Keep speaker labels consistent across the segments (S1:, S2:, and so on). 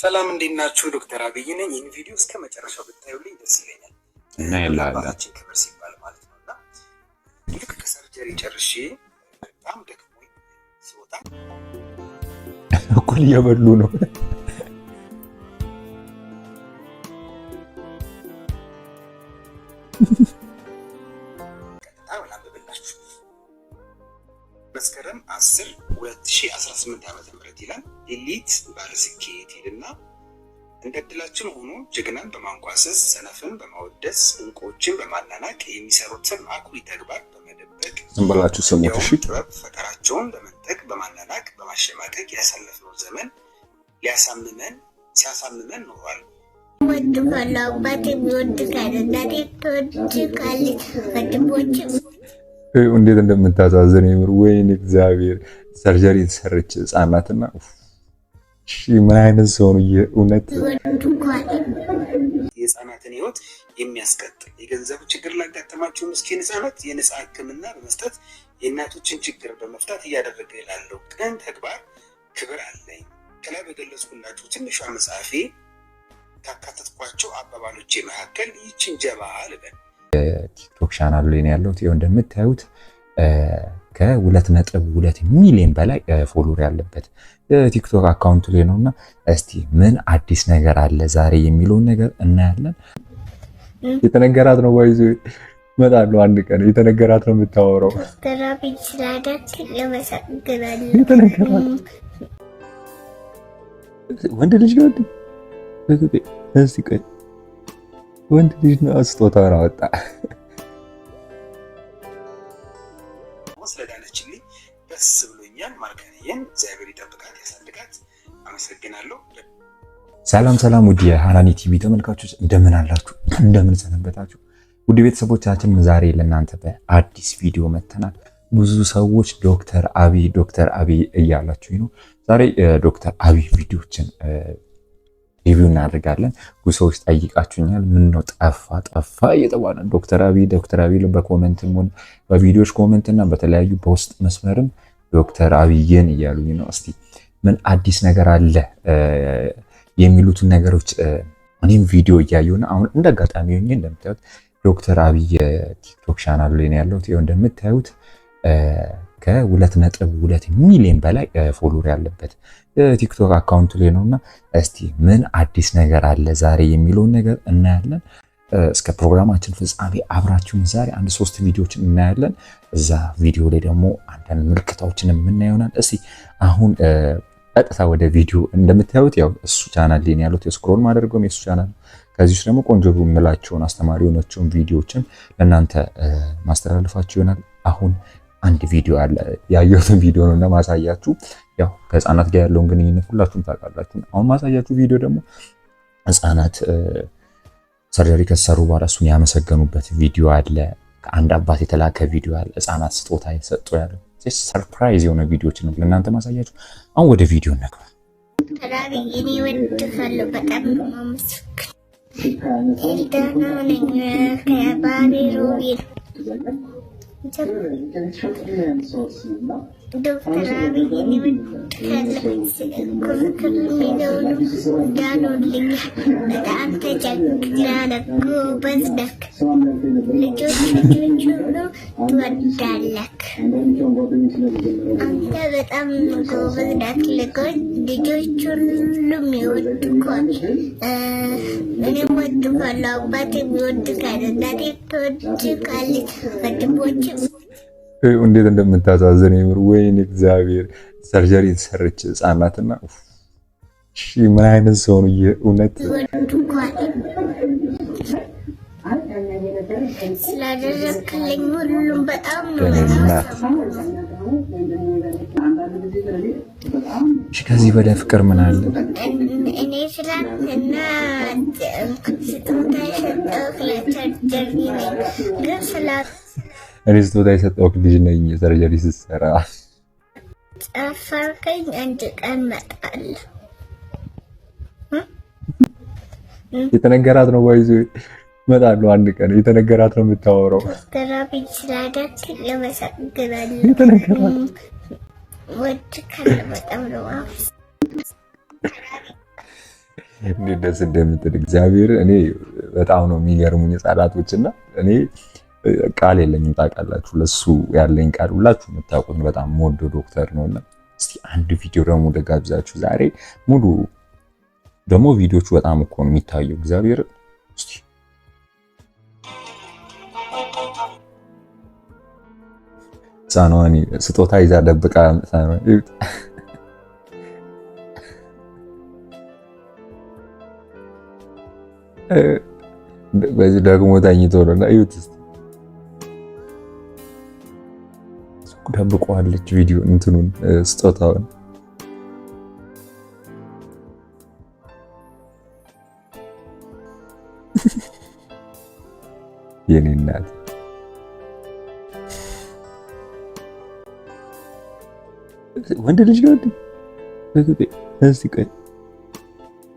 S1: ሰላም እንዴት ናችሁ? ዶክተር አብይ ነኝ። ይህን ቪዲዮ እስከ መጨረሻው ብታዩልኝ ደስ ይለኛል።
S2: እና የለባታችን
S1: ክብር ሲባል ማለት ነው። እና ልክ ከሰርጀሪ ጨርሼ በጣም ደክሞኝ ስወጣ እኩል
S2: እየበሉ ነው
S1: ቀጥታ ምናምን ብላችሁ መስከረም አስር 2018 ዓ ም ይላል ኤሊት ባለስኬት ይልና እንደድላችን ሆኖ ጀግናን በማንኳሰስ ሰነፍን በማወደስ እንቆችን በማናናቅ የሚሰሩትን አኩሪ ተግባር በመደበቅ
S2: ዝምብላችሁ ስሙት ጥበብ
S1: ፈጠራቸውን በመንጠቅ በማናናቅ በማሸማቀቅ ያሳለፍነው ዘመን ሊያሳምመን ሲያሳምመን ኖሯል። ወንድም አለ አባቴ ወንድ ካለ እናቴ
S2: ተወድ ካለች ወንድሞች እንዴት እንደምታሳዝን የምር ወይኔ እግዚአብሔር ሰርጀሪ የተሰረች ህጻናትና ምን አይነት ሰሆኑ እውነት
S1: የህፃናትን ህይወት የሚያስቀጥል የገንዘብ ችግር ላጋጠማቸው ምስኪን ህጻናት የነፃ ህክምና በመስጠት የእናቶችን ችግር በመፍታት እያደረገ ላለው ቅን ተግባር ክብር አለኝ። ከላይ በገለጽኩላችሁ ትንሿ መጽሐፌ ካካተትኳቸው አባባሎቼ መካከል ይችን ጀባ ልበል
S2: የቲክቶክ ቻናል ላይ ነው ያለሁት። ይኸው እንደምታዩት ከሁለት ነጥብ ሁለት ሚሊዮን በላይ ፎሎወር ያለበት የቲክቶክ አካውንት ላይ ነውና እስቲ ምን አዲስ ነገር አለ ዛሬ የሚለውን ነገር እናያለን። የተነገራት ነው ባይዞ መጣሉ አንድ ቀን የተነገራት ነው የምታወራው። ወንድ ልጅ ነው። ወንድ ልጅ ነው ስጦታ ነው ወጣ
S1: ስለዳነችልኝ ደስ ብሎኛል። ማርካንዬን እግዚአብሔር ይጠብቃት ያሳድጋት። አመሰግናለሁ።
S2: ሰላም ሰላም፣ ውድ የሃናኒ ቲቪ ተመልካቾች እንደምን አላችሁ? እንደምን ሰነበታችሁ? ውድ ቤተሰቦቻችን ዛሬ ለእናንተ በአዲስ ቪዲዮ መተናል። ብዙ ሰዎች ዶክተር አብይ ዶክተር አብይ እያላችሁ ነው። ዛሬ ዶክተር አብይ ቪዲዮችን ሪቪው እናደርጋለን። ብዙ ሰዎች ጠይቃችሁኛል፣ ምን ነው ጠፋ ጠፋ እየተባለ ዶክተር አብይ ዶክተር አብይ በኮመንት በቪዲዮዎች ኮመንት እና በተለያዩ በውስጥ መስመርም ዶክተር አብይን እያሉኝ ነው። እስቲ ምን አዲስ ነገር አለ የሚሉትን ነገሮች እኔም ቪዲዮ እያየሁ ነው። አሁን እንደ አጋጣሚ ሆኜ እንደምታዩት ዶክተር አብይ ቲክቶክ ቻናል ላይ ነው ያለሁት። ይኸው እንደምታዩት ከ2.2 ሚሊዮን በላይ ፎሎወር ያለበት ቲክቶክ አካውንት ላይ ነውና እስቲ ምን አዲስ ነገር አለ ዛሬ የሚለውን ነገር እናያለን። እስከ ፕሮግራማችን ፍጻሜ አብራችሁን ዛሬ አንድ ሶስት ቪዲዮዎችን እናያለን። እዛ ቪዲዮ ላይ ደግሞ አንዳንድ ምልክታዎችን የምናየሆናል። እስቲ አሁን ቀጥታ ወደ ቪዲዮ እንደምታዩት ያው እሱ ቻናል ላይ ያሉት የስክሮል ማድረገውም የሱ ቻናል ከዚህ ውስጥ ደግሞ ቆንጆ የምላቸውን አስተማሪ የሆነችውን ቪዲዮዎችን ለእናንተ ማስተላለፋቸው ይሆናል። አሁን አንድ ቪዲዮ አለ ያየሁትን ቪዲዮ ነው እና ማሳያችሁ። ያው ከህፃናት ጋር ያለውን ግንኙነት ሁላችሁም ታውቃላችሁ። አሁን ማሳያችሁ ቪዲዮ ደግሞ ህፃናት ሰርጀሪ ከሰሩ በኋላ እሱን ያመሰገኑበት ቪዲዮ አለ። ከአንድ አባት የተላከ ቪዲዮ አለ። ህፃናት ስጦታ የሰጡ ያለ ሰርፕራይዝ የሆነ ቪዲዮዎች ነው ለእናንተ ማሳያችሁ። አሁን ወደ ቪዲዮ ነግባል። በጣም ነኝ 최근에 인격이 철수되는 수업 있나? ዶክተር አብይ ክርክር የሚለውንም ዳኖልኛል። በጣም ተጨንቅላለ ጎበዝ ነክ ልጆች ልጆች ሁሉ ትወዳለክ። አንተ በጣም ጎበዝ ናት። ልጆች ሁሉም ይወድ ኮን እኔም ወድ ኮን አባቴ የሚወድ ካለ እናቴ ትወድ ካለች ወንድሞችም እንዴት እንደምታሳዝን የምር ወይኔ እግዚአብሔር ሰርጀሪ የተሰረች ህጻናትና ምን አይነት ሰው ነው የእውነት ስላደረግክልኝ ሁሉም በጣም ከዚህ በላይ ፍቅር ምን አለ? እኔ ስላንትና ስጦታ የሰጠሁት ለሰርጀሪ ነው ግን ስላ እኔ ስጦታ የሰጠሁህ ልጅ ነኝ። ሰርጀሪ ስትሰራ ጨፈርከኝ። አንድ ቀን እመጣለሁ። የተነገራት ነው ባይዞ እመጣለሁ። አንድ ቀን የተነገራት ነው የምታወራው። እንዴት ደስ እንደምትል እግዚአብሔር። እኔ በጣም ነው የሚገርሙኝ ህጻናቶች እና እኔ ቃል የለኝም ታውቃላችሁ። ለሱ ያለኝ ቃል ሁላችሁ የምታውቁት በጣም ሞዶ ዶክተር ነው። እና እስቲ አንድ ቪዲዮ ደግሞ ደጋብዛችሁ ዛሬ ሙሉ ደግሞ ቪዲዮቹ በጣም እኮ ነው የሚታየው። እግዚአብሔር እስቲ ህፃኗን ስጦታ ይዛ ደብቃ በዚህ ደግሞ ተኝቶ ነው እና እዩት እስቲ ደብቀዋለች ቪዲዮ እንትኑን ስጦታውን። የኔ እናት ወንድ ልጅ ነው እንዴ? እስቲ ቆይ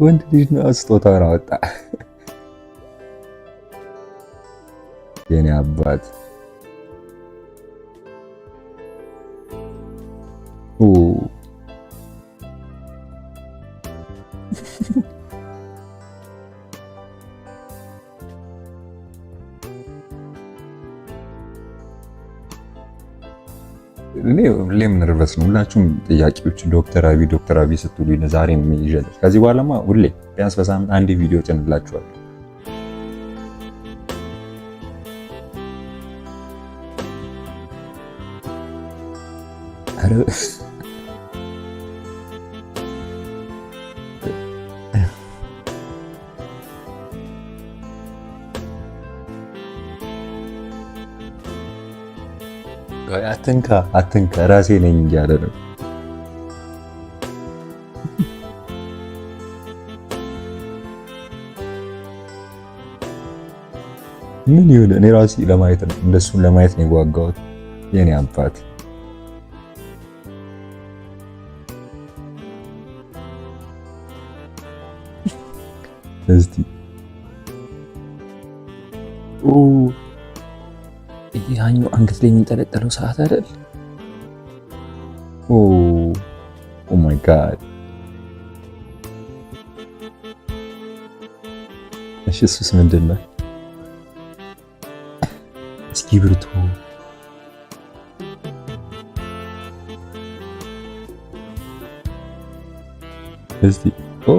S2: ወንድ ልጅ ነው ስጦታውን አወጣ የኔ አባት እኔ ሁሌም ነርቨስ ነው። ሁላችሁም ጥያቄዎች ዶክተር አብይ ዶክተር አብይ ስትሉኝ ዛሬም ይዣል። ከዚህ በኋላማ ሁሌ ቢያንስ በሳምንት አንድ ቪዲዮ ጭንላችኋል። አረ አትንካ አትንካ ራሴ ነኝ እንጂ አይደለም። ምን ይሁን እኔ ራሴ ለማየት ነው እንደሱን ለማየት ነው የጓጓሁት። የኔ አባት እስቲ ይሄ ሀኙ አንገት ላይ የሚንጠለጠለው ሰዓት አይደል? ኦ ማይ ጋድ! እሺ እሱስ ምንድን ነው? እስኪ ብርቱ እስቲ ኦ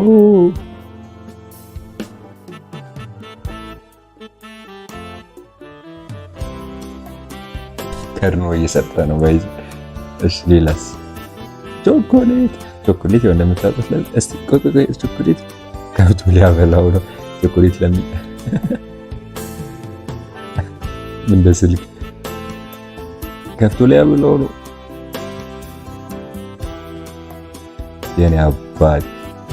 S2: ከድኖ እየሰጠ ነው። ባይ እሺ፣ ሌላስ ቾኮሌት ቾኮሌት የሆነ የምታጠፍ ላይ እስቲ ቆቆቆ ቾኮሌት ከብቱ ሊያበላው ነው። ቾኮሌት ለሚ እንደ ስልክ ከብቱ ሊያበላው ነው። የኔ አባት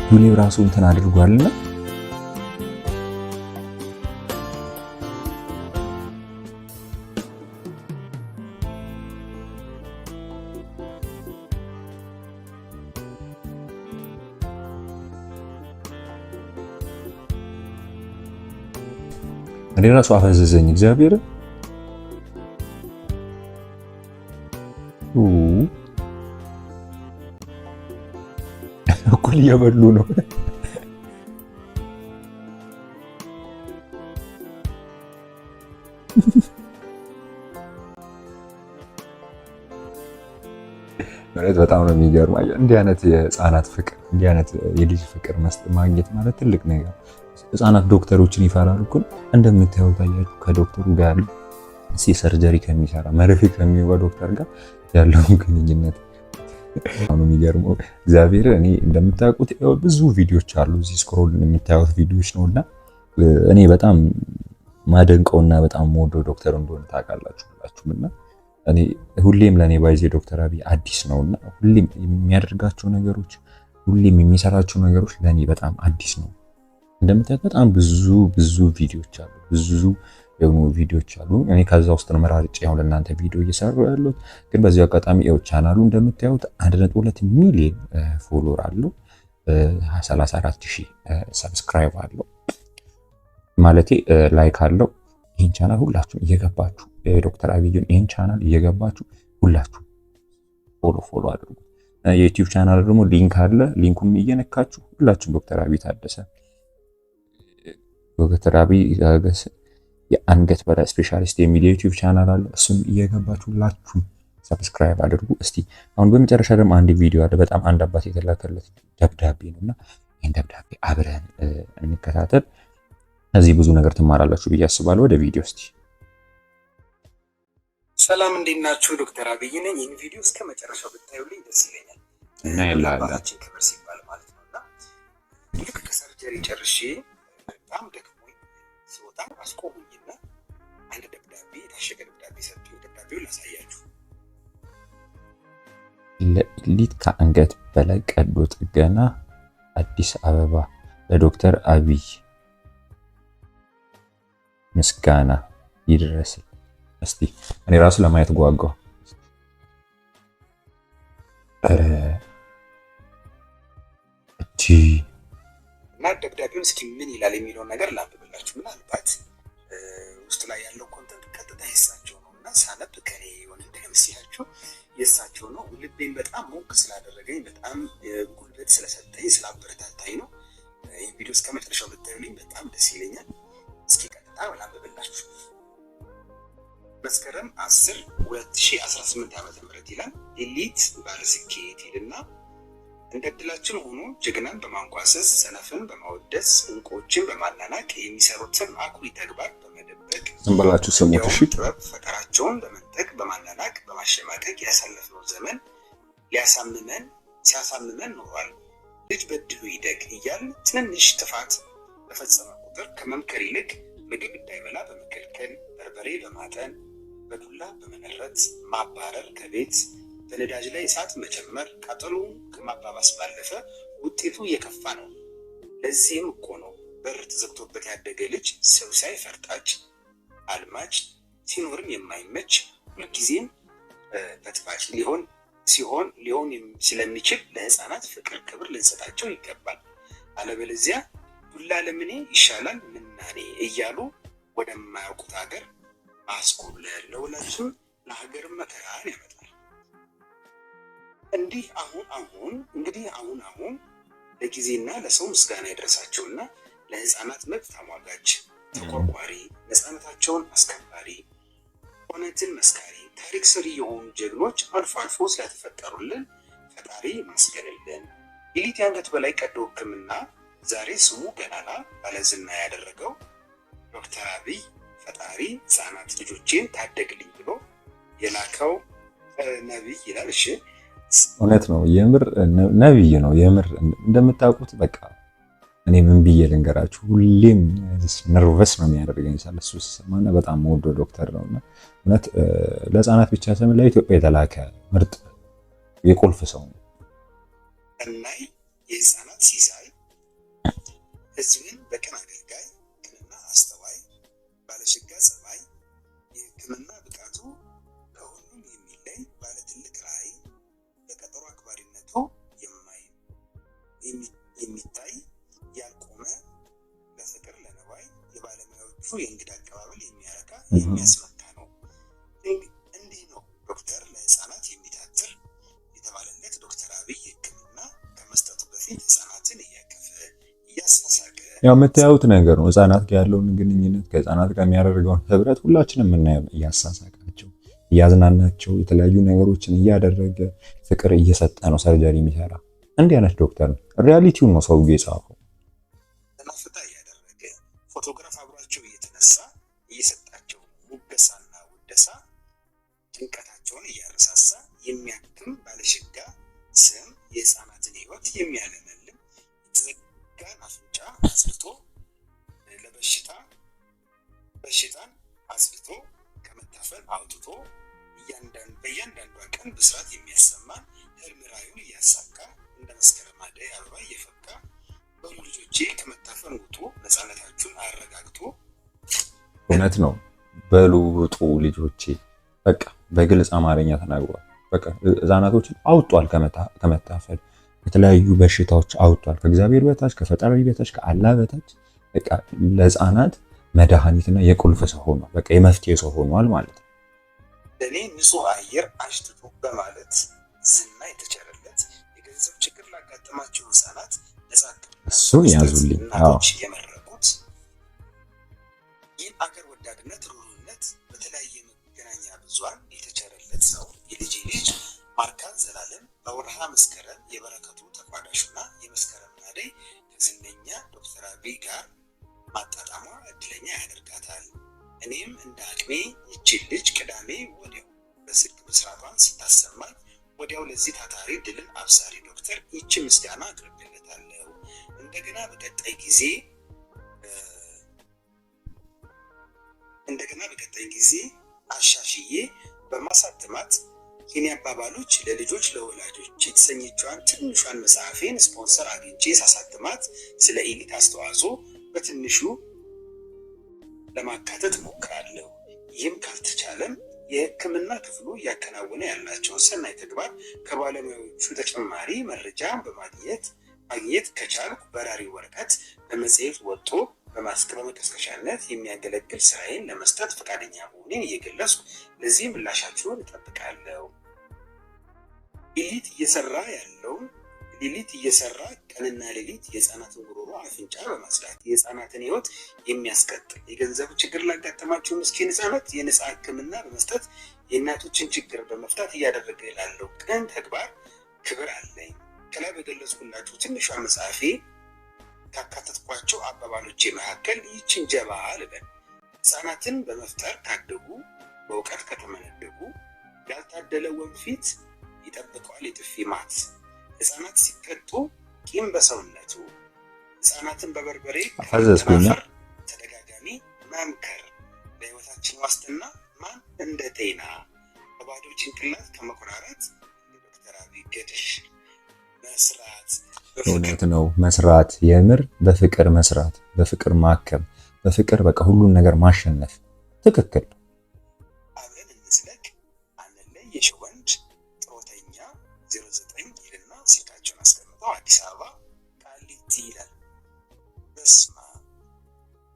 S2: ዱሌው ራሱ እንትን አድርጓልና እኔ ራሱ አፈዘዘኝ እግዚአብሔር እኩል እየበሉ ነው። ማለት በጣም ነው የሚገርም። እንዲህ አይነት የህፃናት ፍቅር፣ እንዲህ አይነት የልጅ ፍቅር ማግኘት ማለት ትልቅ ነገር ህፃናት ዶክተሮችን ይፈራሉ። እኩል እንደምታየው ታያችሁ ከዶክተሩ ጋር ያለው ሰርጀሪ ከሚሰራ መርፌ ከሚወጋ ዶክተር ጋር ያለውን ግንኙነት አሁን የሚገርመው እግዚአብሔር እኔ እንደምታውቁት ብዙ ቪዲዮዎች አሉ እዚህ ስክሮል የምታዩት ቪዲዮዎች ነውና እኔ በጣም ማደንቀውና በጣም የምወደው ዶክተር እንደሆነ ታውቃላችሁ ሁላችሁም እና እኔ ሁሌም ለእኔ ባይዜ ዶክተር አብይ አዲስ ነውና ሁሌም የሚያደርጋቸው ነገሮች ሁሌም የሚሰራቸው ነገሮች ለእኔ በጣም አዲስ ነው። እንደምታዩት በጣም ብዙ ብዙ ቪዲዮዎች አሉ፣ ብዙ የሆኑ ቪዲዮዎች አሉ። እኔ ከዛ ውስጥ ነው መራርጬ አሁን ለእናንተ ቪዲዮ እየሰሩ ያሉት። ግን በዚህ አጋጣሚ ያው ቻናሉ እንደምታዩት 1.2 ሚሊዮን ፎሎወር አለው፣ 34 ሺህ ሰብስክራይብ አለው ማለቴ ላይክ አለው። ይህን ቻናል ሁላችሁም እየገባችሁ ዶክተር አብይን ይህን ቻናል እየገባችሁ ሁላችሁ ፎሎ ፎሎ አድርጉ። የዩቲዩብ ቻናል ደግሞ ሊንክ አለ። ሊንኩን እየነካችሁ ሁላችሁም ዶክተር አብይ ታደሰ ዶክተር አብይ ዳገስ የአንገት በላይ ስፔሻሊስት የሚል የዩቲዩብ ቻናል አለ። እሱም እየገባችሁ ሁላችሁም ሰብስክራይብ አድርጉ። እስቲ አሁን በመጨረሻ ደግሞ አንድ ቪዲዮ አለ። በጣም አንድ አባት የተላከለት ደብዳቤ ነው እና ይህን ደብዳቤ አብረን እንከታተል። እዚህ ብዙ ነገር ትማራላችሁ ብዬ አስባለሁ። ወደ ቪዲዮ እስቲ።
S1: ሰላም እንዴት ናችሁ? ዶክተር አብይ ነኝ። ይህን ቪዲዮ እስከ መጨረሻው ብታዩልኝ ደስ ይለኛል።
S2: እና የላላችን ክብር ሲባል ማለት ነው
S1: እና ልክ ከሰርጀሪ ጨርሼ በጣም ደክ ስወጣ አስቆሙኝና አንድ ደብዳቤ የታሸገ ደብዳቤ ሰጡ። ደብዳቤውን ላሳያችሁ።
S2: ለኢሊት ከአንገት በላይ ቀዶ ጥገና አዲስ አበባ ለዶክተር አብይ ምስጋና ይድረስ። እስቲ እኔ ራሱ ለማየት ጓጓው።
S1: እና ደብዳቤውን እስኪ ምን ይላል የሚለውን ነገር ላብ ሰዎች ምናልባት ውስጥ ላይ ያለው ኮንተንት ቀጥታ የሳቸው ነው እና ሳነብ ከኔ የሆነ ደምሲያቸው የሳቸው ነው። ልቤን በጣም ሞቅ ስላደረገኝ በጣም ጉልበት ስለሰጠኝ ስላበረታታኝ ነው። ይህ ቪዲዮ እስከ መጨረሻው ብታዩልኝ በጣም ደስ ይለኛል። እስኪ ቀጥታ ላንብብላችሁ። መስከረም 10 2018 ዓ ም ይላል ኤሊት ባለስኬት ይልና እንደ ዕድላችን ሆኖ ጀግናን በማንኳሰስ ሰነፍን በማወደስ እንቆችን በማናናቅ የሚሰሩትን አኩሪ ተግባር በመደበቅ
S2: እንበላችሁ ስሙት። ጥበብ ፈጠራቸውን በመንጠቅ በማናናቅ
S1: በማሸማቀቅ ያሳለፍነው ዘመን ሊያሳምመን ሲያሳምመን ኖሯል። ልጅ በድሉ ይደግ እያል ትንንሽ ጥፋት በፈጸመ ቁጥር ከመምከር ይልቅ ምግብ እንዳይበላ በመከልከል በርበሬ በማጠን በዱላ በመነረት ማባረር ከቤት በነዳጅ ላይ እሳት መጨመር ቃጠሎውን ከማባባስ ባለፈ ውጤቱ የከፋ ነው። ለዚህም እኮ ነው በር ተዘግቶበት ያደገ ልጅ ሰው ሳይ ፈርጣች፣ አልማጭ፣ ሲኖርም የማይመች ሁልጊዜም በጥባጭ ሊሆን ሲሆን ሊሆን ስለሚችል ለህፃናት ፍቅር ክብር ልንሰጣቸው ይገባል። አለበለዚያ ዱላ ለምኔ ይሻላል ምናኔ እያሉ ወደማያውቁት ሀገር አስኮለ ለወላጅም ለሀገር መከራን ያመጣል። እንዲህ አሁን አሁን እንግዲህ አሁን አሁን ለጊዜና ለሰው ምስጋና የደረሳቸውና ለህፃናት መብት ተሟጋች ተቆርቋሪ፣ ነፃነታቸውን አስከባሪ፣ እውነትን መስካሪ፣ ታሪክ ሰሪ የሆኑ ጀግኖች አልፎ አልፎ ስለተፈጠሩልን ፈጣሪ ይመስገንልን። የሊት የአንገት በላይ ቀዶ ህክምና ዛሬ ስሙ ገናና ባለዝና ያደረገው ዶክተር አብይ ፈጣሪ ህፃናት ልጆቼን ታደግልኝ ብሎ የላከው ነቢይ ይላል። እሺ
S2: እውነት ነው። የምር ነብይ ነው። የምር እንደምታውቁት በቃ እኔ ምን ብዬ ልንገራችሁ፣ ሁሌም ነርቨስ ነው የሚያደርገኝ ሳለ እሱ ስሰማና በጣም ወዶ ዶክተር ነውና እውነት ለህፃናት ብቻ ስም ለኢትዮጵያ የተላከ ምርጥ የቁልፍ ሰው ነው።
S1: እናይ የህፃናት ሲሳይ ህዝብን በቅን አገልጋይ ቅንና አስተዋይ ባለሽጋ የእንግዳ አቀባበል የሚያረካ የሚያስመካ ነው። እንዲህ ነው ዶክተር ለህፃናት የሚታትር የተባለለት ዶክተር አብይ ህክምና ከመስጠቱ በፊት ህፃናትን እያቀፈ እያሳሳቀ
S2: ያው የምታዩት ነገር ነው። ህፃናት ጋር ያለውን ግንኙነት ከህፃናት ጋር የሚያደርገውን ህብረት ሁላችንም የምናየው እያሳሳቃቸው እያዝናናቸው የተለያዩ ነገሮችን እያደረገ ፍቅር እየሰጠ ነው ሰርጀሪ የሚሰራ እንዲህ አይነት ዶክተር ነው። ሪያሊቲውን ነው ሰው የጻፈው።
S1: ጭንቀታቸውን እያረሳሳ የሚያክም ባለሽጋ ስም የህፃናትን ህይወት የሚያለመልም የተዘጋን አፍንጫ አጽድቶ ለበሽታ በሽታን አጽድቶ ከመታፈል አውጥቶ በእያንዳንዷ ቀን ብስራት የሚያሰማን ህልም ራዩን እያሳካ እንደ መስከረም አደይ አበባ እየፈካ በሉ ልጆቼ ከመታፈን ውጡ፣ ነፃነታችሁን አረጋግጡ።
S2: እውነት ነው። በሉ ውጡ ልጆቼ። በቃ በግልጽ አማርኛ ተናግሯል። በቃ ህፃናቶችን አውጧል ከመታፈል ከተለያዩ በሽታዎች አውጥቷል። ከእግዚአብሔር በታች ከፈጣሪ በታች ከአላ በታች በቃ ለህፃናት መድኃኒትና የቁልፍ ሰው ሆኗል። በቃ የመፍትሄ ሰው ሆኗል ማለት ነው።
S1: ለእኔ ንጹህ አየር አሽትቶ በማለት ዝና የተቸረለት የገንዘብ ችግር ላጋጠማቸው ህፃናት
S2: እሱን ያዙልኝ
S1: የመረቁት ይህ አገር ወዳድነት የልጄ ልጅ ማርታ ዘላለም በወርሃ መስከረም የበረከቱ ተቋዳሹና የመስከረም አደይ ከዝነኛ ዶክተር አብይ ጋር ማጣጣሟ እድለኛ ያደርጋታል። እኔም እንደ አቅሜ ይችን ልጅ ቅዳሜ ወዲያው በስልክ መስራቷን ስታሰማኝ ወዲያው ለዚህ ታታሪ ድልን አብሳሪ ዶክተር ይቺ ምስጋና አቅርቤለታለሁ። እንደገና በቀጣይ ጊዜ እንደገና በቀጣይ ጊዜ አሻሽዬ በማሳተማት የኔ አባባሎች ለልጆች ለወላጆች የተሰኘችዋን ትንሿን መጽሐፌን ስፖንሰር አግኝቼ ሳሳትማት ስለ ኢሊት አስተዋጽኦ በትንሹ ለማካተት ሞክራለሁ። ይህም ካልተቻለም የሕክምና ክፍሉ እያከናወነ ያላቸውን ሰናይ ተግባር ከባለሙያዎቹ ተጨማሪ መረጃ በማግኘት ማግኘት ከቻልኩ በራሪ ወረቀት በመጽሔት ወጥቶ በማስክ በመቀስቀሻነት የሚያገለግል ስራዬን ለመስጠት ፈቃደኛ መሆኔን እየገለጽኩ ለዚህ ምላሻችሁን እጠብቃለሁ። ሌሊት እየሰራ ያለው ሊሊት እየሰራ ቀንና ሌሊት የህፃናትን ጉሮሮ አፍንጫ በማጽዳት የህፃናትን ህይወት የሚያስቀጥል የገንዘብ ችግር ላጋጠማቸው ምስኪን ህፃናት የነፃ ህክምና በመስጠት የእናቶችን ችግር በመፍታት እያደረገ ላለው ቅን ተግባር ክብር አለኝ። ከላይ በገለጽኩላችሁ ትንሿ መጽሐፌ ካካተትኳቸው አባባሎቼ መካከል ይችን ጀባ ልበል። ህፃናትን በመፍጠር ካደጉ በእውቀት ከተመነደጉ ያልታደለ ወንፊት ይጠብቀዋል የጥፊ ማት። ህፃናት ሲቀጡ ቂም በሰውነቱ ህፃናትን በበርበሬ
S2: ከመተናፈር
S1: ተደጋጋሚ መምከር ለህይወታችን ዋስትና ማን እንደ ጤና በባዶ ጭንቅላት ከመቆራረት ዶክተር አብይ ገድሽ መስራት
S2: እውነት ነው። መስራት የምር በፍቅር መስራት፣ በፍቅር ማከም፣ በፍቅር በቃ ሁሉን ነገር ማሸነፍ ትክክል
S1: ዜሮ ዘጠኝ ይልና ስልካቸውን አስቀምጠው አዲስ አበባ ቃሊቲ ይላል። በስማ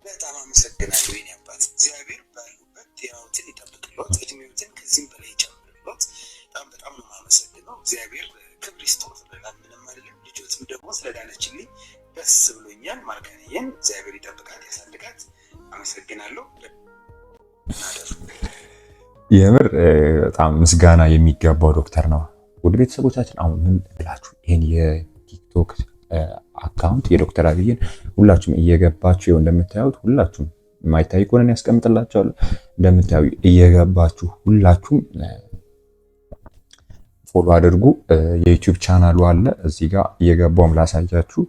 S1: በጣም አመሰግናለሁ የኔ አባት። እግዚአብሔር ባሉበት ጤናዎትን ይጠብቅሎት፣ እድሜዎትን ከዚህም በላይ ይጨምርሎት። በጣም በጣም ነው የማመሰግነው። እግዚአብሔር ክብር ይስጥዎት ብለናል። ምንም አይደለም። ልጆትም ደግሞ ስለዳነችልኝ ደስ ብሎኛል። ማርካንየን እግዚአብሔር ይጠብቃት፣ ያሳድጋት። አመሰግናለሁ።
S2: የምር በጣም ምስጋና የሚገባው ዶክተር ነው። ወደ ቤተሰቦቻችን አሁን ምን ብላችሁ ይህን የቲክቶክ አካውንት የዶክተር አብይን ሁላችሁም እየገባችሁ ይኸው እንደምታዩት ሁላችሁም የማይታይ ከሆነን ያስቀምጥላቸዋሉ። እንደምታዩ እየገባችሁ ሁላችሁም ፎሎ አድርጉ። የዩቲዩብ ቻናሉ አለ እዚህ ጋር እየገባውም ላሳያችሁ።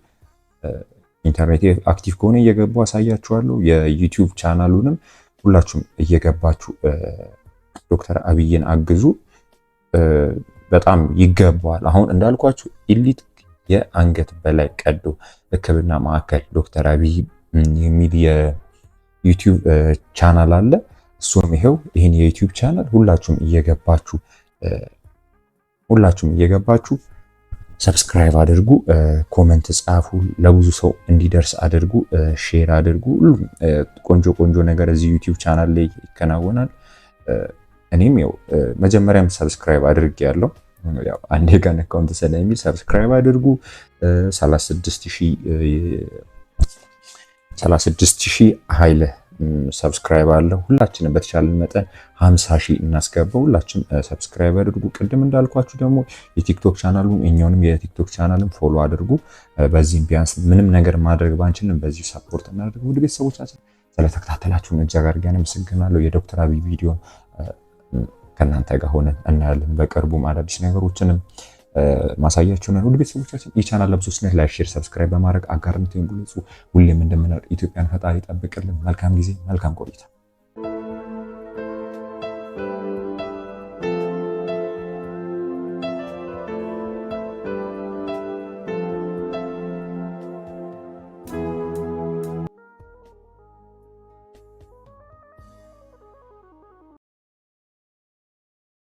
S2: ኢንተርኔት አክቲቭ ከሆነ እየገቡ አሳያችኋለሁ። የዩቲዩብ ቻናሉንም ሁላችሁም እየገባችሁ ዶክተር አብይን አግዙ። በጣም ይገባዋል። አሁን እንዳልኳችሁ ኢሊት የአንገት በላይ ቀዶ ሕክምና ማዕከል ዶክተር አብይ የሚል የዩቲዩብ ቻናል አለ። እሱም ይሄው ይህን የዩቲዩብ ቻናል ሁላችሁም እየገባችሁ ሁላችሁም እየገባችሁ ሰብስክራይብ አድርጉ፣ ኮመንት ጻፉ፣ ለብዙ ሰው እንዲደርስ አድርጉ፣ ሼር አድርጉ። ሁሉም ቆንጆ ቆንጆ ነገር እዚህ ዩቲዩብ ቻናል ላይ ይከናወናል። እኔም ያው መጀመሪያም ሰብስክራይብ አድርግ ያለው አንዴ ጋን አካውንት ስለሚል ሰብስክራይብ አድርጉ 36 ሺህ ኃይለ ሰብስክራይብ አለው። ሁላችንም በተቻለን መጠን 50 ሺህ እናስገባ። ሁላችን ሰብስክራይብ አድርጉ። ቅድም እንዳልኳችሁ ደግሞ የቲክቶክ ቻናሉም እኛውንም የቲክቶክ ቻናልም ፎሎ አድርጉ። በዚህም ቢያንስ ምንም ነገር ማድረግ ባንችልም በዚህ ሰፖርት እናድርግ። ውድ ቤተሰቦቻችን ስለተከታተላችሁን እጅግ አድርጌ አመሰግናለሁ። የዶክተር አብይ ቪዲዮ ከእናንተ ጋር ሆነን እናያለን። በቅርቡም አዳዲስ ነገሮችንም ማሳያችሁን ሁሉ ቤተሰቦቻችን የቻናል ለብሶስ ላይ ሼር፣ ሰብስክራይብ በማድረግ አጋርነት ሁሌም እንደምንር ኢትዮጵያን ፈጣሪ ጠብቅልን። መልካም ጊዜ፣ መልካም ቆይታ